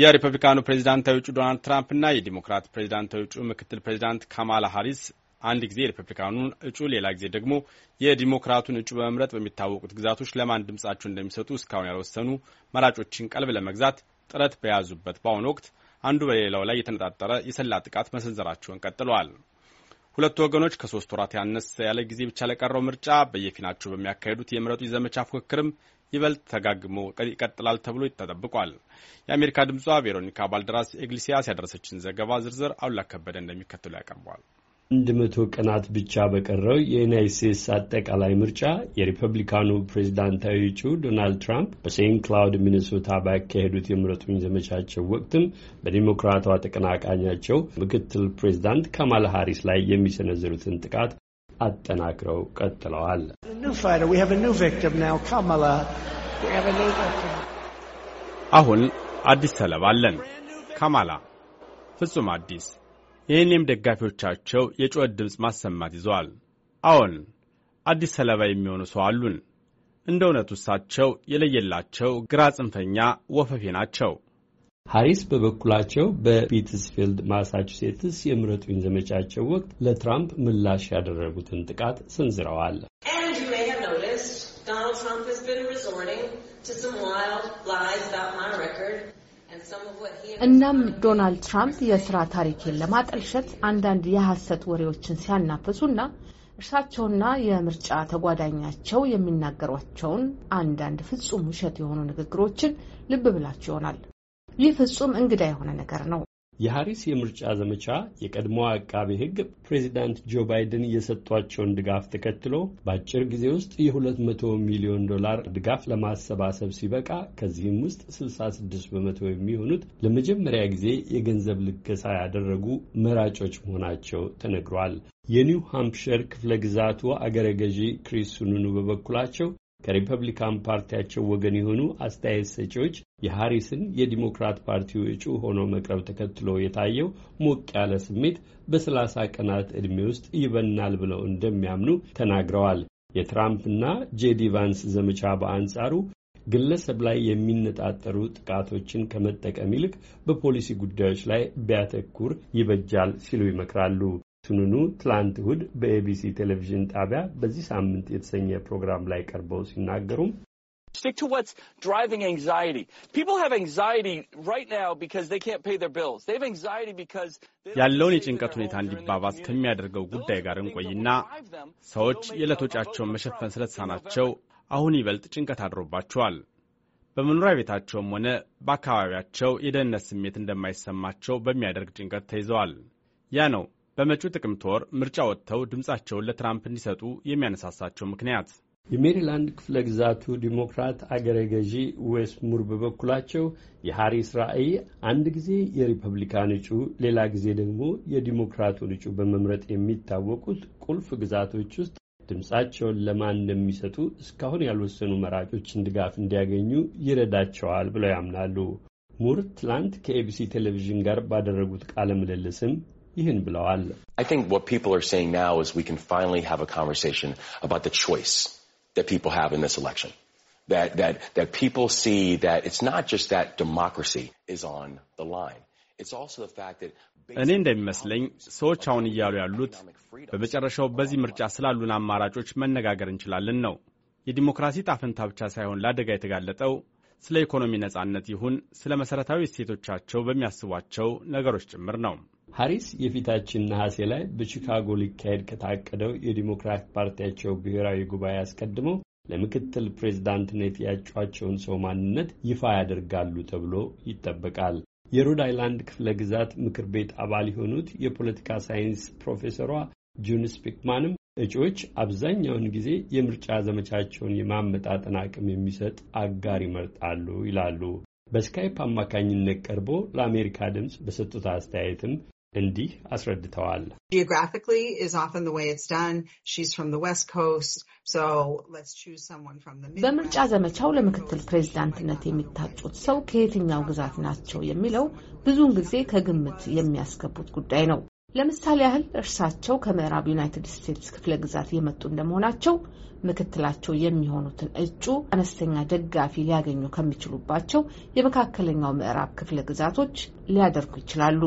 የሪፐብሊካኑ ፕሬዚዳንታዊ እጩ ዶናልድ ትራምፕ ና የዲሞክራት ፕሬዚዳንታዊ እጩ ምክትል ፕሬዚዳንት ካማላ ሀሪስ አንድ ጊዜ የሪፐብሊካኑን እጩ ሌላ ጊዜ ደግሞ የዲሞክራቱን እጩ በመምረጥ በሚታወቁት ግዛቶች ለማን ድምጻቸው እንደሚሰጡ እስካሁን ያልወሰኑ መራጮችን ቀልብ ለመግዛት ጥረት በያዙበት በአሁኑ ወቅት አንዱ በሌላው ላይ የተነጣጠረ የሰላ ጥቃት መሰንዘራቸውን ቀጥለዋል። ሁለቱ ወገኖች ከሶስት ወራት ያነሰ ያለ ጊዜ ብቻ ለቀረው ምርጫ በየፊናቸው በሚያካሂዱት የምረጡ ዘመቻ ፉክክርም ይበልጥ ተጋግሞ ይቀጥላል ተብሎ ተጠብቋል። የአሜሪካ ድምጿ ቬሮኒካ ባልደራስ ኤግሊሲያስ ያደረሰችን ዘገባ ዝርዝር አሉላ ከበደ እንደሚከተሉ ያቀርቧል። አንድ መቶ ቀናት ብቻ በቀረው የዩናይት ስቴትስ አጠቃላይ ምርጫ የሪፐብሊካኑ ፕሬዚዳንታዊ እጩ ዶናልድ ትራምፕ በሴንት ክላውድ ሚኒሶታ ባካሄዱት የምረጡኝ ዘመቻቸው ወቅትም በዲሞክራቷ ተቀናቃኛቸው ምክትል ፕሬዚዳንት ካማላ ሃሪስ ላይ የሚሰነዝሩትን ጥቃት አጠናክረው ቀጥለዋል። አሁን አዲስ ሰለባ አለን፣ ካማላ ፍጹም አዲስ። ይህንም ደጋፊዎቻቸው የጩኸት ድምፅ ማሰማት ይዘዋል። አዎን አዲስ ሰለባ የሚሆኑ ሰው አሉን። እንደ እውነቱ እሳቸው የለየላቸው ግራ ጽንፈኛ ወፈፌ ናቸው። ሃሪስ በበኩላቸው በፒትስፊልድ ማሳቹሴትስ የምረጡኝ ዘመቻቸው ወቅት ለትራምፕ ምላሽ ያደረጉትን ጥቃት ሰንዝረዋል። እናም ዶናልድ ትራምፕ የስራ ታሪኬን ለማጠልሸት አንዳንድ የሐሰት ወሬዎችን ሲያናፍሱና እርሳቸውና የምርጫ ተጓዳኛቸው የሚናገሯቸውን አንዳንድ ፍጹም ውሸት የሆኑ ንግግሮችን ልብ ብላችሁ ይሆናል ይህ ፍጹም እንግዳ የሆነ ነገር ነው። የሀሪስ የምርጫ ዘመቻ የቀድሞ አቃቤ ሕግ ፕሬዚዳንት ጆ ባይደን የሰጧቸውን ድጋፍ ተከትሎ በአጭር ጊዜ ውስጥ የ200 ሚሊዮን ዶላር ድጋፍ ለማሰባሰብ ሲበቃ ከዚህም ውስጥ 66 በመቶ የሚሆኑት ለመጀመሪያ ጊዜ የገንዘብ ልገሳ ያደረጉ መራጮች መሆናቸው ተነግሯል። የኒው ሃምፕሸር ክፍለ ግዛቱ አገረ ገዢ ክሪስ ሱኑኑ በበኩላቸው ከሪፐብሊካን ፓርቲያቸው ወገን የሆኑ አስተያየት ሰጪዎች የሃሪስን የዲሞክራት ፓርቲው እጩ ሆኖ መቅረብ ተከትሎ የታየው ሞቅ ያለ ስሜት በሰላሳ ቀናት ዕድሜ ውስጥ ይበናል ብለው እንደሚያምኑ ተናግረዋል። የትራምፕና ጄዲ ቫንስ ዘመቻ በአንጻሩ ግለሰብ ላይ የሚነጣጠሩ ጥቃቶችን ከመጠቀም ይልቅ በፖሊሲ ጉዳዮች ላይ ቢያተኩር ይበጃል ሲሉ ይመክራሉ። ትኑኑ ትላንት እሁድ በኤቢሲ ቴሌቪዥን ጣቢያ በዚህ ሳምንት የተሰኘ ፕሮግራም ላይ ቀርበው ሲናገሩም Stick to what's driving anxiety. People have anxiety right now because they can't pay their bills. They have anxiety because ያለውን የጭንቀት ሁኔታ እንዲባባስ ከሚያደርገው ጉዳይ ጋር እንቆይና ሰዎች የዕለት ወጪያቸውን መሸፈን ስለተሳናቸው አሁን ይበልጥ ጭንቀት አድሮባቸዋል። በመኖሪያ ቤታቸውም ሆነ በአካባቢያቸው የደህንነት ስሜት እንደማይሰማቸው በሚያደርግ ጭንቀት ተይዘዋል። ያ ነው በመጪው ጥቅምት ወር ምርጫ ወጥተው ድምፃቸውን ለትራምፕ እንዲሰጡ የሚያነሳሳቸው ምክንያት የሜሪላንድ ክፍለ ግዛቱ ዲሞክራት አገረ ገዢ ዌስ ሙር በበኩላቸው የሐሪስ ራዕይ አንድ ጊዜ የሪፐብሊካን እጩ ሌላ ጊዜ ደግሞ የዲሞክራቱን እጩ በመምረጥ የሚታወቁት ቁልፍ ግዛቶች ውስጥ ድምፃቸውን ለማን እንደሚሰጡ እስካሁን ያልወሰኑ መራጮችን ድጋፍ እንዲያገኙ ይረዳቸዋል ብለው ያምናሉ። ሙር ትላንት ከኤቢሲ ቴሌቪዥን ጋር ባደረጉት ቃለ ምልልስም ይህን ብለዋል። እኔ እንደሚመስለኝ ሰዎች አሁን እያሉ ያሉት በመጨረሻው በዚህ ምርጫ ስላሉን አማራጮች መነጋገር እንችላለን ነው። የዲሞክራሲ ጣፍንታ ብቻ ሳይሆን ለአደጋ የተጋለጠው ስለ ኢኮኖሚ ነጻነት ይሁን ስለ መሠረታዊ እሴቶቻቸው በሚያስቧቸው ነገሮች ጭምር ነው። ሃሪስ የፊታችን ነሐሴ ላይ በቺካጎ ሊካሄድ ከታቀደው የዲሞክራት ፓርቲያቸው ብሔራዊ ጉባኤ አስቀድመው ለምክትል ፕሬዝዳንትነት ያጯቸውን ሰው ማንነት ይፋ ያደርጋሉ ተብሎ ይጠበቃል። የሮድ አይላንድ ክፍለ ግዛት ምክር ቤት አባል የሆኑት የፖለቲካ ሳይንስ ፕሮፌሰሯ ጁን ስፒክማንም እጩዎች አብዛኛውን ጊዜ የምርጫ ዘመቻቸውን የማመጣጠን አቅም የሚሰጥ አጋር ይመርጣሉ ይላሉ። በስካይፕ አማካኝነት ቀርቦ ለአሜሪካ ድምፅ በሰጡት አስተያየትም እንዲህ አስረድተዋል። በምርጫ ዘመቻው ለምክትል ፕሬዚዳንትነት የሚታጩት ሰው ከየትኛው ግዛት ናቸው የሚለው ብዙውን ጊዜ ከግምት የሚያስገቡት ጉዳይ ነው። ለምሳሌ ያህል እርሳቸው ከምዕራብ ዩናይትድ ስቴትስ ክፍለ ግዛት የመጡ እንደመሆናቸው ምክትላቸው የሚሆኑትን እጩ አነስተኛ ደጋፊ ሊያገኙ ከሚችሉባቸው የመካከለኛው ምዕራብ ክፍለ ግዛቶች ሊያደርጉ ይችላሉ።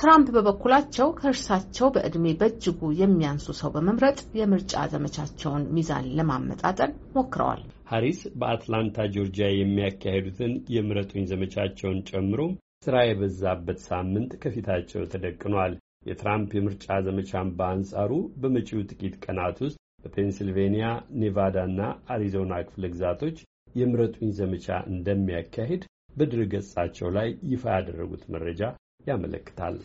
ትራምፕ በበኩላቸው ከእርሳቸው በዕድሜ በእጅጉ የሚያንሱ ሰው በመምረጥ የምርጫ ዘመቻቸውን ሚዛን ለማመጣጠን ሞክረዋል። ሀሪስ በአትላንታ ጆርጂያ የሚያካሄዱትን የምረጡኝ ዘመቻቸውን ጨምሮ ስራ የበዛበት ሳምንት ከፊታቸው ተደቅኗል። የትራምፕ የምርጫ ዘመቻን በአንጻሩ በመጪው ጥቂት ቀናት ውስጥ በፔንስልቬንያ፣ ኔቫዳ እና አሪዞና ክፍለ ግዛቶች የምረጡኝ ዘመቻ እንደሚያካሂድ በድረ ገጻቸው ላይ ይፋ ያደረጉት መረጃ ያመለክታል።